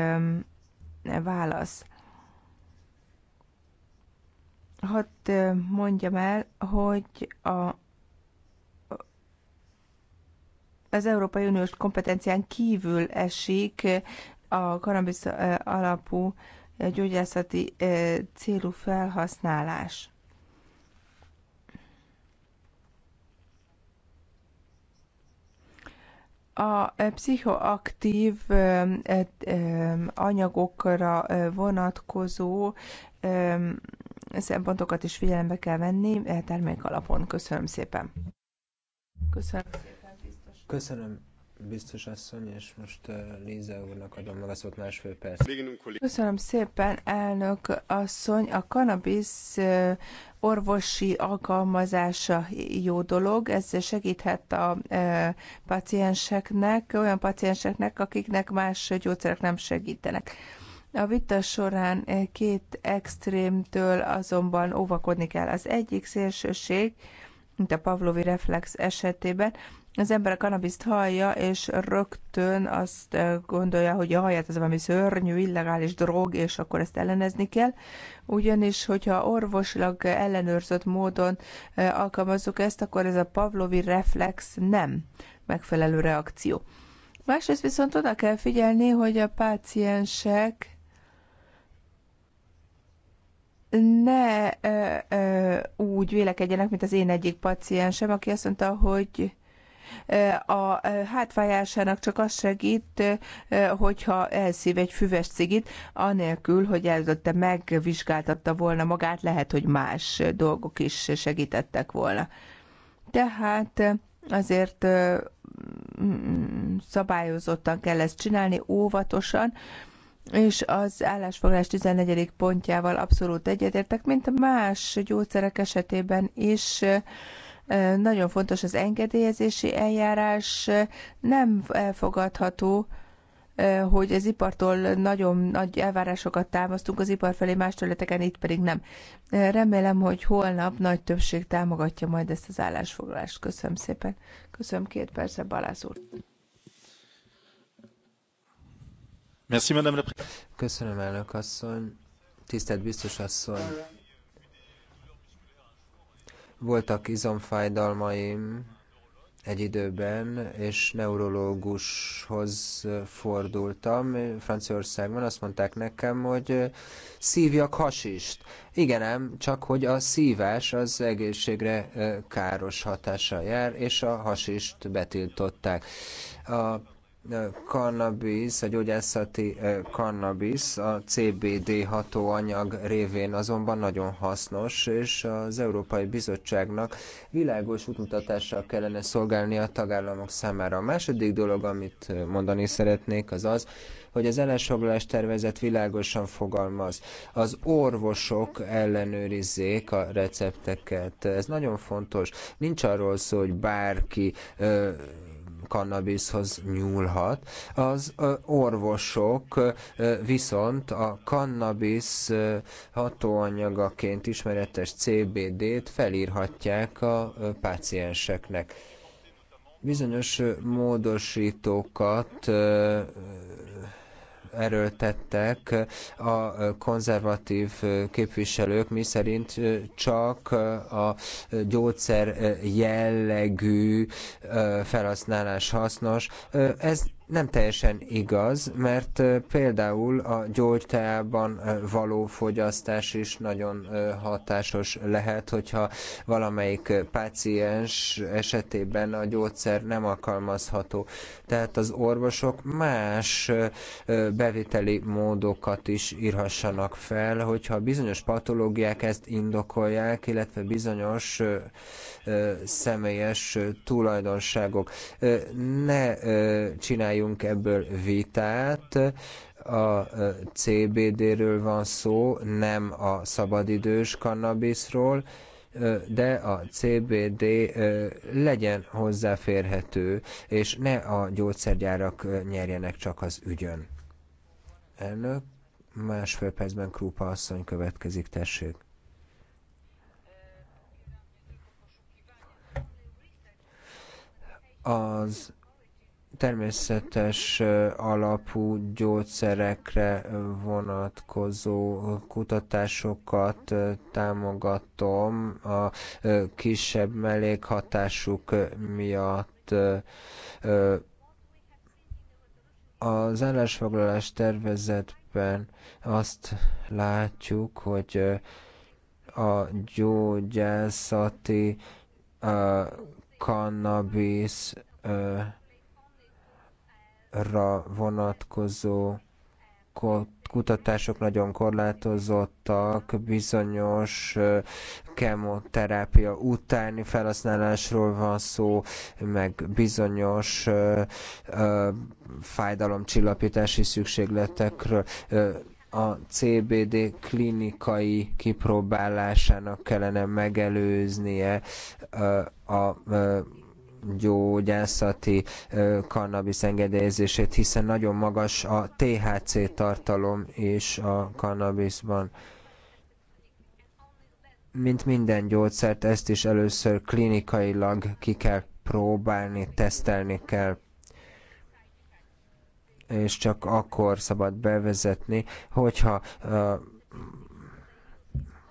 válasz. Hadd mondjam el, hogy a az Európai Uniós kompetencián kívül esik a kanabisz alapú gyógyászati célú felhasználás. a eh, pszichoaktív eh, eh, anyagokra vonatkozó szempontokat is figyelembe kell venni termék alapon. Köszönöm szépen. Köszönöm Köszönöm biztos asszony, és most eh, Líze úrnak adom meg a szót másfél perc. Köszönöm szépen, elnök asszony. A kanabisz eh, orvosi alkalmazása jó dolog, ez segíthet a eh, pacienseknek, olyan pacienseknek, akiknek más gyógyszerek nem segítenek. A vita során két extrémtől azonban óvakodni kell. Az egyik szélsőség, mint a Pavlovi reflex esetében, az ember a kanabiszt hallja, és rögtön azt eh, gondolja, hogy jaj, haját ez valami szörnyű, illegális drog, és akkor ezt ellenezni kell. Ugyanis, hogyha orvosilag ellenőrzött módon eh, alkalmazzuk ezt, akkor ez a pavlovi reflex nem megfelelő reakció. Másrészt viszont oda kell figyelni, hogy a páciensek ne ö, eh, ö, úgy vélekedjenek, mint az én egyik paciensem, aki azt mondta, hogy a hátfájásának csak az segít, hogyha elszív egy füves cigit, anélkül, hogy előtte megvizsgáltatta volna magát, lehet, hogy más dolgok is segítettek volna. Tehát azért szabályozottan kell ezt csinálni, óvatosan, és az állásfoglalás 14. pontjával abszolút egyetértek, mint más gyógyszerek esetében is nagyon fontos az engedélyezési eljárás. Nem elfogadható, hogy az ipartól nagyon nagy elvárásokat támasztunk az ipar felé, más területeken itt pedig nem. Remélem, hogy holnap nagy többség támogatja majd ezt az állásfoglalást. Köszönöm szépen. Köszönöm két percre, Balázs úr. Köszönöm, elnök asszony. Tisztelt biztos asszony. Voltak izomfájdalmaim egy időben, és neurológushoz fordultam Franciaországban, azt mondták nekem, hogy szívjak hasist. Igen ám, csak hogy a szívás az egészségre káros hatással jár, és a hasist betiltották. A cannabis, a gyógyászati cannabis a CBD hatóanyag révén azonban nagyon hasznos, és az Európai Bizottságnak világos útmutatással kellene szolgálni a tagállamok számára. A második dolog, amit mondani szeretnék, az az, hogy az ellensoglalás tervezet világosan fogalmaz. Az orvosok ellenőrizzék a recepteket. Ez nagyon fontos. Nincs arról szó, hogy bárki ö, kannabiszhoz nyúlhat. Az orvosok viszont a kannabisz hatóanyagaként ismeretes CBD-t felírhatják a pácienseknek bizonyos módosítókat erőltettek a konzervatív képviselők, mi szerint csak a gyógyszer jellegű felhasználás hasznos. Ez nem teljesen igaz, mert például a gyógyteában való fogyasztás is nagyon hatásos lehet, hogyha valamelyik páciens esetében a gyógyszer nem alkalmazható. Tehát az orvosok más beviteli módokat is írhassanak fel, hogyha bizonyos patológiák ezt indokolják, illetve bizonyos személyes tulajdonságok. Ne csináljunk ebből vitát, a CBD-ről van szó, nem a szabadidős kannabiszról, de a CBD legyen hozzáférhető, és ne a gyógyszergyárak nyerjenek csak az ügyön. Elnök, másfél percben Krupa asszony következik, tessék. az természetes alapú gyógyszerekre vonatkozó kutatásokat támogatom a kisebb mellékhatásuk miatt az állásfoglalás tervezetben azt látjuk, hogy a gyógyászati kannabiszra vonatkozó kutatások nagyon korlátozottak, bizonyos kemoterápia utáni felhasználásról van szó, meg bizonyos fájdalomcsillapítási szükségletekről a CBD klinikai kipróbálásának kellene megelőznie a gyógyászati kannabis engedélyezését, hiszen nagyon magas a THC tartalom és a kannabiszban mint minden gyógyszert, ezt is először klinikailag ki kell próbálni, tesztelni kell és csak akkor szabad bevezetni, hogyha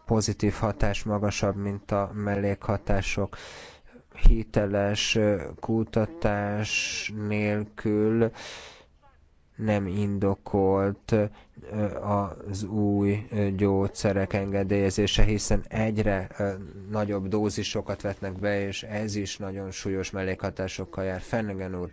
pozitív hatás magasabb, mint a mellékhatások hiteles kutatás nélkül nem indokolt az új gyógyszerek engedélyezése, hiszen egyre nagyobb dózisokat vetnek be, és ez is nagyon súlyos mellékhatásokkal jár. Fennegen úr,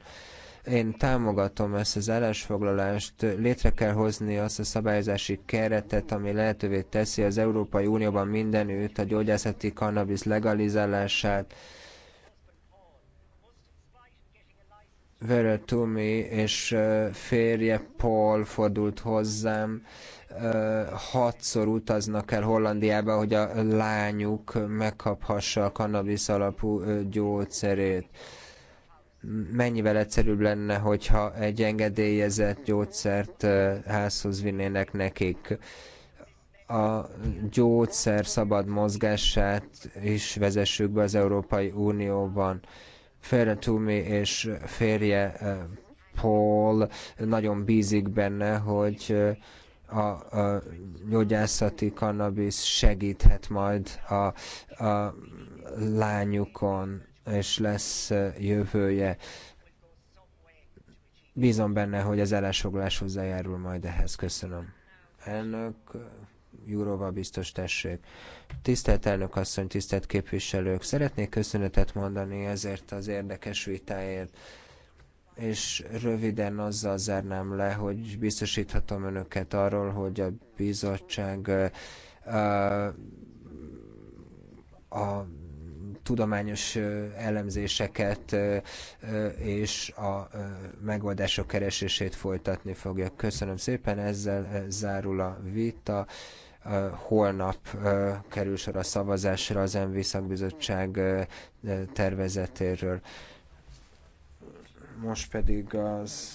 én támogatom ezt az állásfoglalást, létre kell hozni azt a szabályozási keretet, ami lehetővé teszi az Európai Unióban mindenütt a gyógyászati kannabisz legalizálását. Vera Tumi és férje Paul fordult hozzám, hatszor utaznak el Hollandiába, hogy a lányuk megkaphassa a kannabisz alapú gyógyszerét mennyivel egyszerűbb lenne, hogyha egy engedélyezett gyógyszert házhoz vinnének nekik. A gyógyszer szabad mozgását is vezessük be az Európai Unióban. Ferre Tumi és férje Paul nagyon bízik benne, hogy a, a gyógyászati kannabisz segíthet majd a, a lányukon és lesz jövője. Bízom benne, hogy az elásoglás hozzájárul majd ehhez. Köszönöm. Elnök, Jurova biztos tessék. Tisztelt elnök asszony, tisztelt képviselők, szeretnék köszönetet mondani ezért az érdekes vitáért, és röviden azzal zárnám le, hogy biztosíthatom önöket arról, hogy a bizottság a, a tudományos elemzéseket és a megoldások keresését folytatni fogja. Köszönöm szépen, ezzel zárul a vita holnap kerül sor a szavazásra az MV szakbizottság tervezetéről. Most pedig az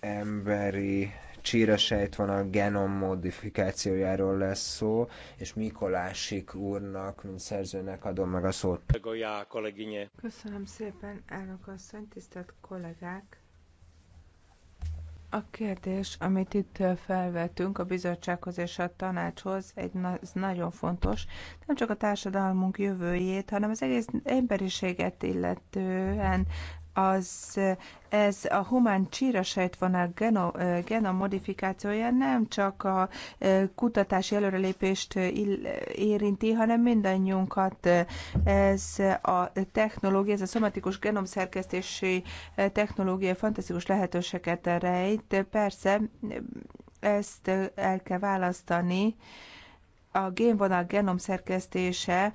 emberi csíresejt van a genom modifikációjáról lesz szó, és Mikolásik úrnak, mint szerzőnek adom meg a szót. Köszönöm szépen, elnök asszony, tisztelt kollégák! A kérdés, amit itt felvettünk a bizottsághoz és a tanácshoz, egy ez nagyon fontos, nem csak a társadalmunk jövőjét, hanem az egész emberiséget illetően az, ez a humán van a genom modifikációja nem csak a kutatási előrelépést érinti, hanem mindannyiunkat. Ez a technológia, ez a szomatikus genomszerkesztési technológia fantasztikus lehetőséget rejt. Persze ezt el kell választani. A génvonal genomszerkesztése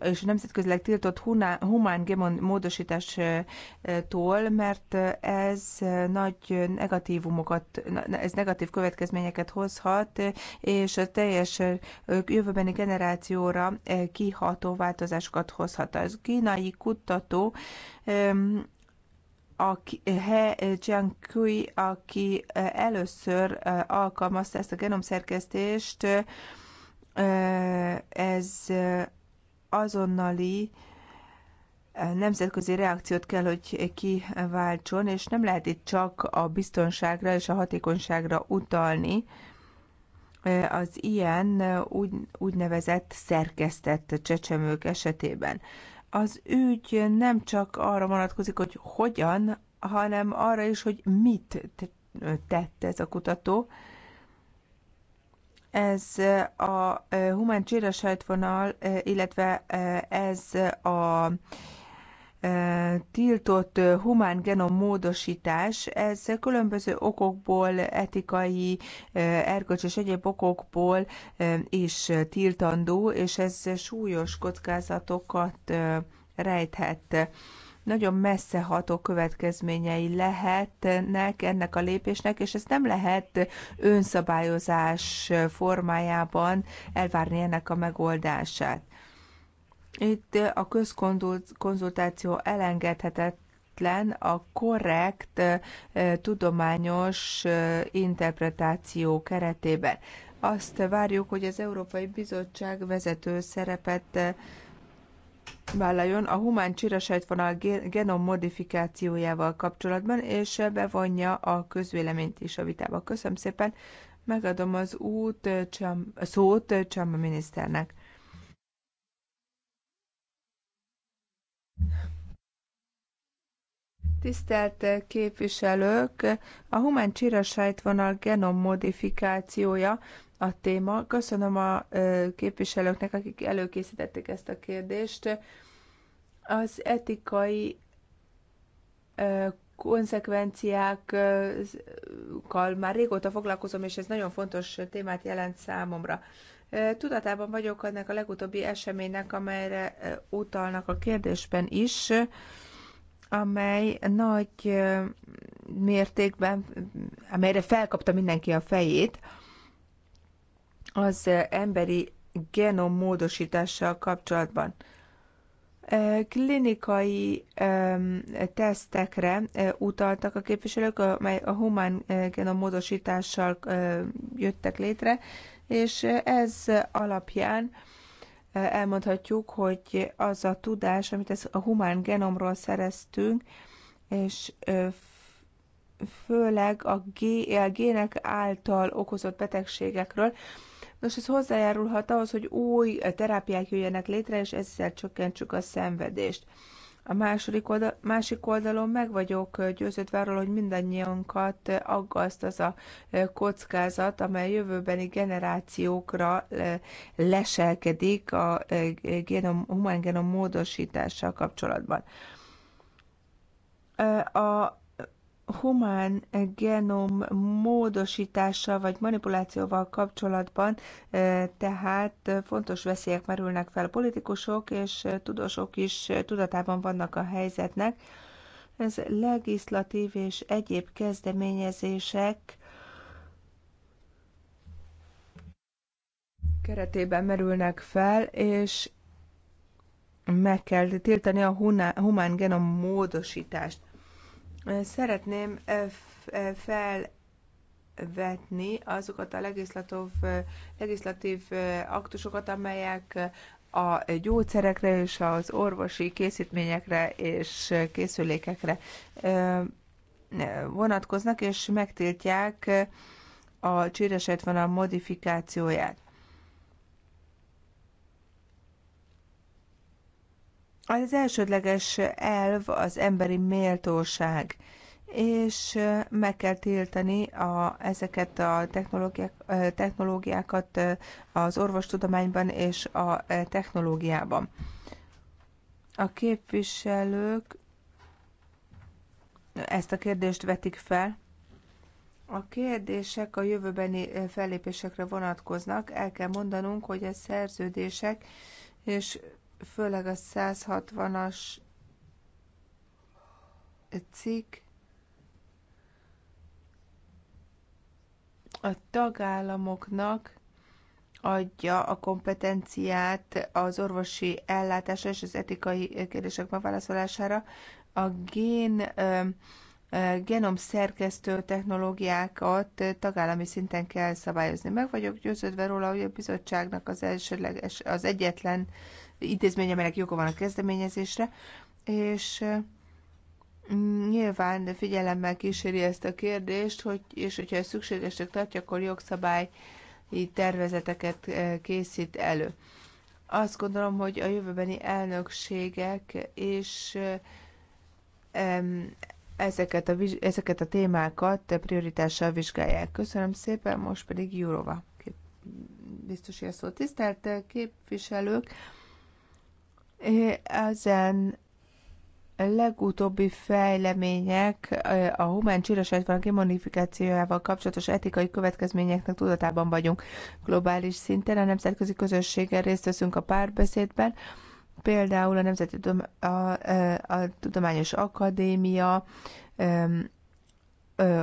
és nemzetközileg tiltott humán gemon módosítástól, mert ez nagy negatívumokat, ez negatív következményeket hozhat, és a teljes jövőbeni generációra kiható változásokat hozhat. Az kínai kutató a He Jiankui, aki először eh, alkalmazta ezt a genomszerkesztést, eh, ez azonnali eh, nemzetközi reakciót kell, hogy kiváltson, és nem lehet itt csak a biztonságra és a hatékonyságra utalni. Eh, az ilyen eh, úgy, úgynevezett szerkesztett csecsemők esetében. Az ügy nem csak arra vonatkozik, hogy hogyan, hanem arra is, hogy mit tett ez a kutató, Eh, eh, eh, ez a humán csíresejtvonal, illetve ez a tiltott humán genom módosítás, ez különböző okokból, etikai, erkölcs és egyéb okokból is tiltandó, és ez súlyos kockázatokat rejthet nagyon messze ható következményei lehetnek ennek a lépésnek, és ezt nem lehet önszabályozás formájában elvárni ennek a megoldását. Itt a közkonzultáció elengedhetett a korrekt tudományos interpretáció keretében. Azt várjuk, hogy az Európai Bizottság vezető szerepet vállaljon a humán csirasejtvonal genom modifikációjával kapcsolatban, és bevonja a közvéleményt is a vitába. Köszönöm szépen, megadom az út, csam, szót Csamba miniszternek. Tisztelt képviselők, a humán csirasejtvonal genom modifikációja a téma. Köszönöm a képviselőknek, akik előkészítették ezt a kérdést. Az etikai konzekvenciákkal már régóta foglalkozom, és ez nagyon fontos témát jelent számomra. Tudatában vagyok ennek a legutóbbi eseménynek, amelyre utalnak a kérdésben is, amely nagy mértékben, amelyre felkapta mindenki a fejét, az eh, emberi genom módosítással kapcsolatban. Eh, klinikai tesztekre eh, utaltak a képviselők, amely a humán genom módosítással jöttek létre, és ez alapján elmondhatjuk, hogy az a tudás, amit ez a humán genomról szereztünk, és főleg a, a gének által okozott betegségekről, Nos, ez hozzájárulhat ahhoz, hogy új terápiák jöjjenek létre, és ezzel csökkentsük a szenvedést. A második oldal, másik oldalon meg vagyok győződve arról, hogy mindannyiunkat aggaszt az a kockázat, amely jövőbeni generációkra leselkedik a genom, humángenom módosítással kapcsolatban. A humán genom módosítással vagy manipulációval kapcsolatban e, tehát fontos veszélyek merülnek fel. Politikusok és tudósok is tudatában vannak a helyzetnek. Ez legislatív és egyéb kezdeményezések keretében merülnek fel, és meg kell tiltani a humán genom módosítást Szeretném eh, eh, felvetni azokat a legislatív, eh, legislatív aktusokat, amelyek a gyógyszerekre és az orvosi készítményekre és készülékekre vonatkoznak, és megtiltják a csíresejtvonal modifikációját. Az elsődleges elv az emberi méltóság, és meg kell tiltani a, ezeket a technológiák, technológiákat az orvostudományban és a technológiában. A képviselők ezt a kérdést vetik fel. A kérdések a jövőbeni fellépésekre vonatkoznak. El kell mondanunk, hogy a szerződések és főleg a 160-as cikk a tagállamoknak adja a kompetenciát az orvosi ellátásra és az etikai kérdések megválaszolására. A gén genom szerkesztő technológiákat tagállami szinten kell szabályozni. Meg vagyok győződve róla, hogy a bizottságnak az elsőleges, az egyetlen intézmény, amelynek joga van a kezdeményezésre, és mm, nyilván figyelemmel kíséri ezt a kérdést, hogy, és hogyha ez szükségesnek tartja, akkor jogszabályi tervezeteket eh, készít elő. Azt gondolom, hogy a jövőbeni elnökségek és eh, ezeket a, ezeket a témákat prioritással vizsgálják. Köszönöm szépen, most pedig Jurova biztos ilyen szó. Tisztelt képviselők, eh, ezen legutóbbi fejlemények eh, a humán csíraságyfalak immonifikációjával kapcsolatos etikai következményeknek tudatában vagyunk. Globális szinten a nemzetközi közösséggel részt veszünk a párbeszédben, Például a Nemzeti a, a Tudományos Akadémia,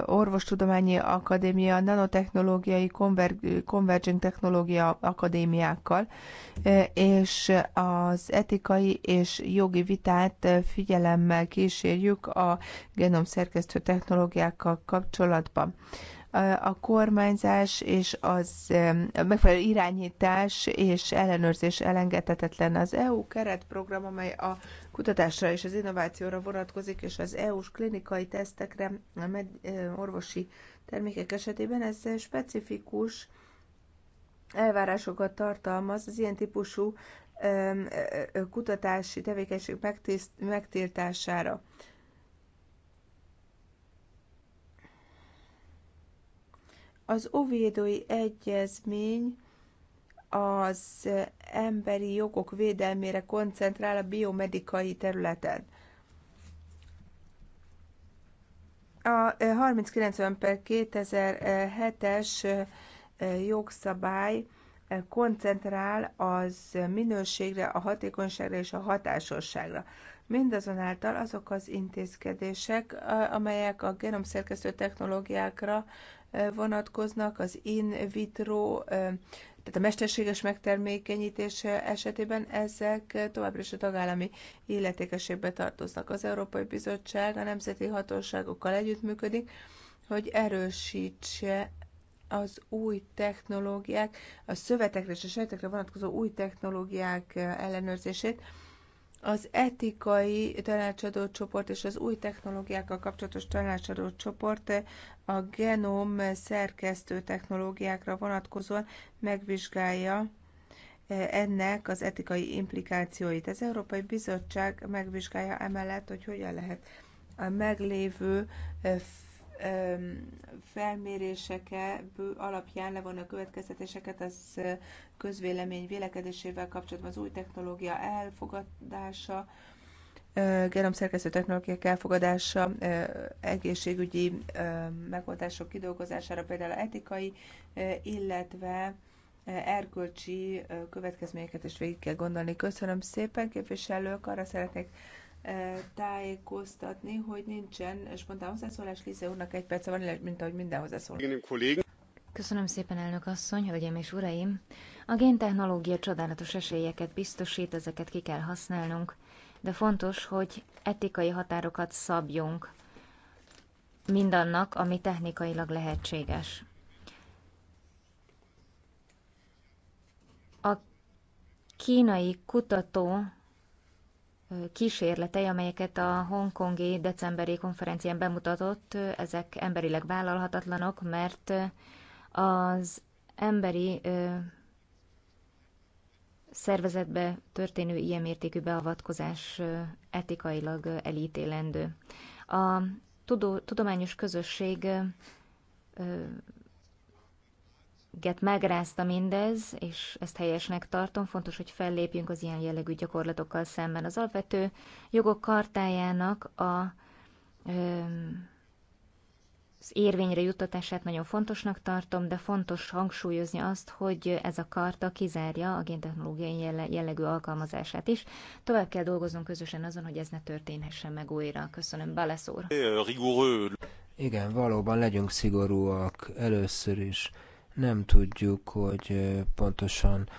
Orvostudományi Akadémia, Nanotechnológiai Konver- Converging Technológia Akadémiákkal, és az etikai és jogi vitát figyelemmel kísérjük a genomszerkesztő technológiákkal kapcsolatban a kormányzás és az megfelelő irányítás és ellenőrzés elengedhetetlen. Az EU keretprogram, amely a kutatásra és az innovációra vonatkozik, és az EU-s klinikai tesztekre, a med, orvosi termékek esetében, ez specifikus elvárásokat tartalmaz az ilyen típusú kutatási tevékenység megtiltására. Az Oviedói Egyezmény az emberi jogok védelmére koncentrál a biomedikai területen. A 3090 2007-es jogszabály koncentrál az minőségre, a hatékonyságra és a hatásosságra. Mindazonáltal azok az intézkedések, amelyek a genomszerkesztő technológiákra vonatkoznak, az in vitro, tehát a mesterséges megtermékenyítés esetében ezek továbbra is a tagállami illetékességbe tartoznak. Az Európai Bizottság a nemzeti hatóságokkal együttműködik, hogy erősítse az új technológiák, a szövetekre és a sejtekre vonatkozó új technológiák ellenőrzését, az etikai tanácsadó csoport és az új technológiákkal kapcsolatos tanácsadó csoport a genom szerkesztő technológiákra vonatkozóan megvizsgálja eh, ennek az etikai implikációit. Az Európai Bizottság megvizsgálja emellett, hogy hogyan lehet a meglévő eh, felmérésekkel alapján levonni a következtetéseket az közvélemény vélekedésével kapcsolatban az új technológia elfogadása, genomszerkesztő technológiák elfogadása, egészségügyi megoldások kidolgozására, például etikai, illetve erkölcsi következményeket is végig kell gondolni. Köszönöm szépen, képviselők, arra szeretnék tájékoztatni, hogy nincsen spontán hozzászólás. Lize úrnak egy perce van, mint ahogy minden hozzászól. Köszönöm szépen, elnök asszony, hölgyeim és uraim! A géntechnológia csodálatos esélyeket biztosít, ezeket ki kell használnunk, de fontos, hogy etikai határokat szabjunk mindannak, ami technikailag lehetséges. A kínai kutató kísérletei, amelyeket a hongkongi decemberi konferencián bemutatott, ezek emberileg vállalhatatlanok, mert az emberi szervezetbe történő ilyen mértékű beavatkozás etikailag elítélendő. A tudományos közösség Get megrázta mindez, és ezt helyesnek tartom, fontos, hogy fellépjünk az ilyen jellegű gyakorlatokkal szemben. Az alapvető jogok kartájának a, az érvényre juttatását nagyon fontosnak tartom, de fontos hangsúlyozni azt, hogy ez a karta kizárja a géntechnológiai jellegű alkalmazását is. Tovább kell dolgoznunk közösen azon, hogy ez ne történhessen meg újra. Köszönöm, Balasz úr. Igen, valóban legyünk szigorúak először is nem tudjuk, hogy pontosan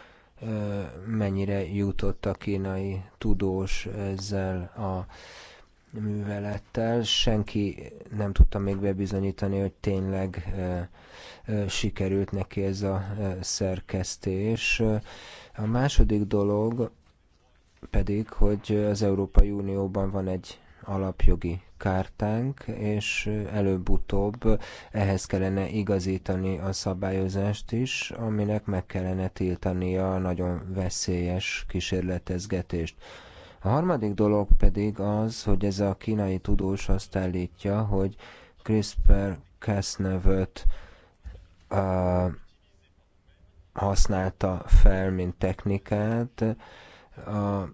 mennyire jutott a kínai tudós ezzel a művelettel. Senki nem tudta még bebizonyítani, hogy tényleg sikerült neki ez a szerkesztés. A második dolog pedig, hogy az Európai Unióban van egy alapjogi kártánk, és előbb-utóbb ehhez kellene igazítani a szabályozást is, aminek meg kellene tiltani a nagyon veszélyes kísérletezgetést. A harmadik dolog pedig az, hogy ez a kínai tudós azt állítja, hogy CRISPR-Cas nevet uh, használta fel, mint technikát, a